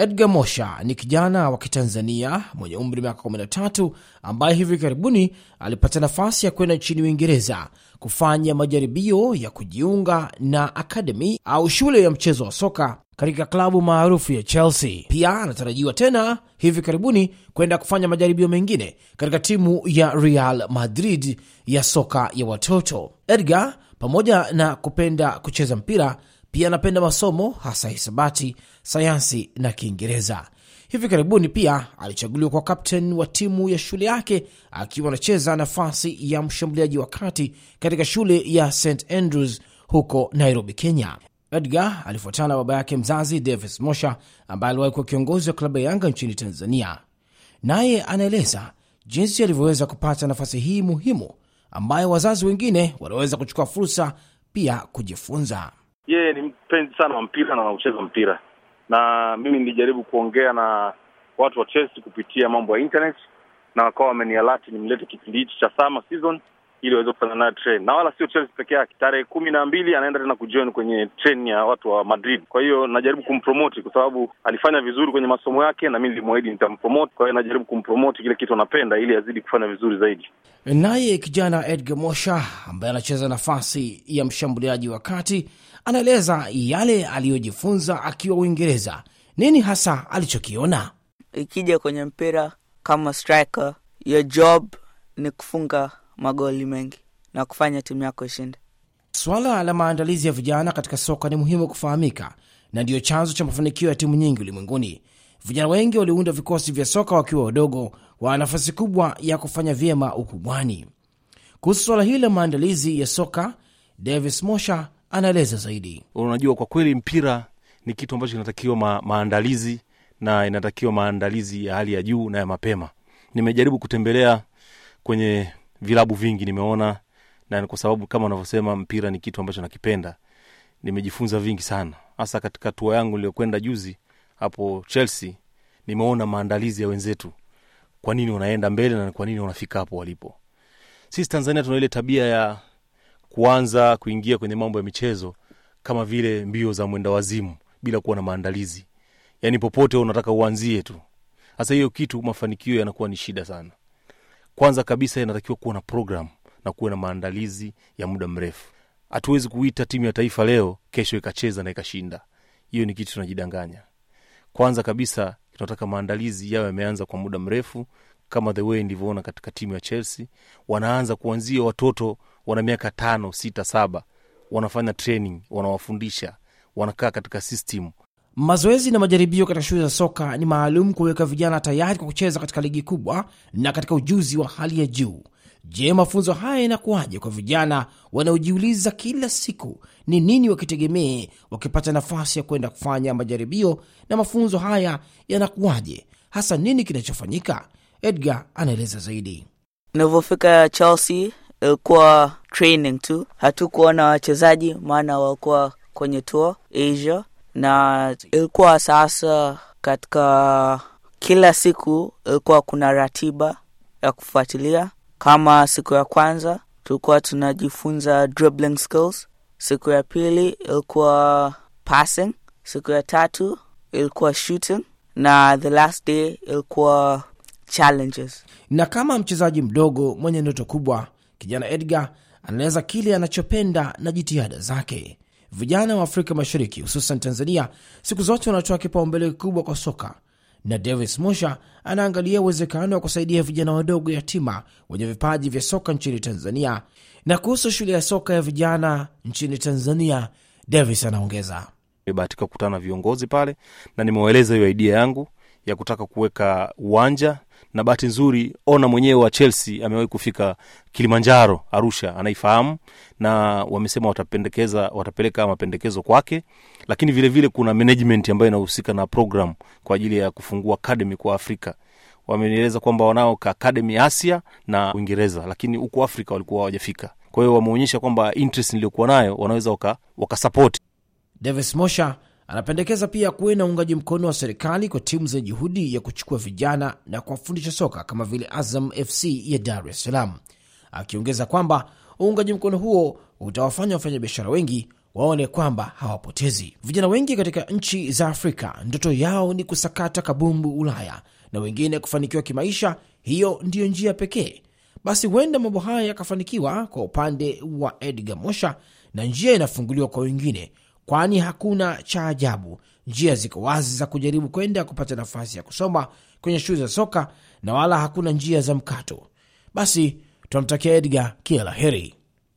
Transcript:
Edgar Mosha ni kijana wa Kitanzania mwenye umri miaka 13 ambaye hivi karibuni alipata nafasi ya kwenda nchini Uingereza kufanya majaribio ya kujiunga na akademi au shule ya mchezo wa soka katika klabu maarufu ya Chelsea. Pia anatarajiwa tena hivi karibuni kwenda kufanya majaribio mengine katika timu ya Real Madrid ya soka ya watoto. Edgar pamoja na kupenda kucheza mpira pia anapenda masomo hasa hisabati, sayansi na Kiingereza. Hivi karibuni pia alichaguliwa kwa kapten wa timu ya shule yake akiwa anacheza nafasi ya mshambuliaji wa kati katika shule ya St Andrews huko Nairobi, Kenya. Edgar alifuatana baba yake mzazi Davis Mosha ambaye aliwahi kuwa kiongozi wa klabu ya Yanga nchini Tanzania. Naye anaeleza jinsi alivyoweza kupata nafasi hii muhimu ambayo wazazi wengine wanaweza kuchukua fursa pia kujifunza yeye ni mpenzi sana wa mpira na anaucheza mpira, na mimi nilijaribu kuongea na watu wa Chelsea kupitia mambo ya internet, na wakawa wamenialati nimlete kipindi hichi cha summer season ili waweze kufanya naye treni, na wala sio Chelsea peke yake. Tarehe kumi na mbili anaenda tena kujoin kwenye treni ya watu wa Madrid. Kwa hiyo najaribu kumpromoti kwa sababu alifanya vizuri kwenye masomo yake, na mi nilimwahidi nitampromoti. Kwa hiyo najaribu kumpromoti kile kitu anapenda, ili azidi kufanya vizuri zaidi. Naye kijana Edgar Mosha ambaye anacheza nafasi ya mshambuliaji wa kati anaeleza yale aliyojifunza akiwa Uingereza. Nini hasa alichokiona? Ikija kwenye mpira kama striker, your job ni kufunga magoli mengi na kufanya timu yako ishinde. Swala la maandalizi ya vijana katika soka ni muhimu kufahamika, na ndiyo chanzo cha mafanikio ya timu nyingi ulimwenguni. Vijana wengi waliunda vikosi vya soka wakiwa wadogo, wana nafasi kubwa ya kufanya vyema ukubwani. Kuhusu swala hili la maandalizi ya soka, Davis Mosha anaeleza zaidi. Unajua, kwa kweli mpira ni kitu ambacho kinatakiwa ma maandalizi na inatakiwa maandalizi ya hali ya juu na ya mapema. Nimejaribu kutembelea kwenye vilabu vingi nimeona na kwa sababu kama unavyosema mpira ni kitu ambacho nakipenda nimejifunza vingi sana hasa katika tua yangu niliyokwenda juzi hapo chelsea nimeona maandalizi ya wenzetu kwa nini wanaenda mbele na kwa nini wanafika hapo walipo sisi tanzania tuna ile tabia ya kuanza kuingia kwenye mambo ya michezo kama vile mbio za mwenda wazimu bila kuwa na maandalizi yaani popote unataka uanzie tu hasa hiyo kitu mafanikio yanakuwa ni shida sana kwanza kabisa inatakiwa kuwa na programu na kuwe na maandalizi ya muda mrefu. Hatuwezi kuita timu ya taifa leo, kesho ikacheza na ikashinda. Hiyo ni kitu tunajidanganya. Kwanza kabisa tunataka maandalizi yao yameanza kwa muda mrefu, kama the way ndivyoona katika timu ya Chelsea, wanaanza kuanzia watoto wana miaka tano, sita, saba, wanafanya training, wanawafundisha, wanakaa katika system Mazoezi na majaribio katika shule za soka ni maalum kuweka vijana tayari kwa kucheza katika ligi kubwa na katika ujuzi wa hali ya juu. Je, mafunzo haya yanakuwaje kwa vijana wanaojiuliza kila siku ni nini wakitegemee wakipata nafasi ya kwenda kufanya majaribio? Na mafunzo haya yanakuwaje hasa, nini kinachofanyika? Edgar anaeleza zaidi. Navyofika Chelsea ilikuwa training tu, hatukuona wachezaji maana walikuwa kwenye tour Asia na ilikuwa sasa katika kila siku ilikuwa kuna ratiba ya kufuatilia. Kama siku ya kwanza tulikuwa tunajifunza dribbling skills, siku ya pili ilikuwa passing, siku ya tatu ilikuwa shooting na the last day ilikuwa challenges. Na kama mchezaji mdogo mwenye ndoto kubwa, kijana Edgar anaeleza kile anachopenda na jitihada zake vijana wa Afrika Mashariki hususan Tanzania siku zote wanatoa kipaumbele kikubwa kwa soka, na Davis Musha anaangalia uwezekano wa kusaidia vijana wadogo yatima wenye vipaji vya soka nchini Tanzania. Na kuhusu shule ya soka ya vijana nchini Tanzania, Davis anaongeza, nimebahatika kukutana na viongozi pale na nimewaeleza hiyo aidia yangu ya kutaka kuweka uwanja na bahati nzuri ona mwenyewe wa chelsea amewahi kufika kilimanjaro arusha anaifahamu na wamesema watapendekeza watapeleka mapendekezo kwake lakini vile vile kuna management ambayo inahusika na program kwa ajili ya kufungua academy kwa afrika wamenieleza kwamba wanao ka academy asia na uingereza lakini huku afrika walikuwa hawajafika kwa hiyo wameonyesha kwamba interest niliyokuwa nayo wanaweza wakasapoti waka, Davis Mosha Anapendekeza pia kuwe na uungaji mkono wa serikali kwa timu zenye juhudi ya kuchukua vijana na kuwafundisha soka kama vile Azam FC ya Dar es Salaam, akiongeza kwamba uungaji mkono huo utawafanya wafanyabiashara wengi waone kwamba hawapotezi. Vijana wengi katika nchi za Afrika ndoto yao ni kusakata kabumbu Ulaya na wengine kufanikiwa kimaisha. Hiyo ndiyo njia pekee. Basi huenda mambo haya yakafanikiwa kwa upande wa Edgar Mosha na njia inafunguliwa kwa wengine kwani hakuna cha ajabu. Njia ziko wazi za kujaribu kwenda kupata nafasi ya kusoma kwenye shule za soka na wala hakuna njia za mkato. Basi tunamtakia Edgar kila la heri.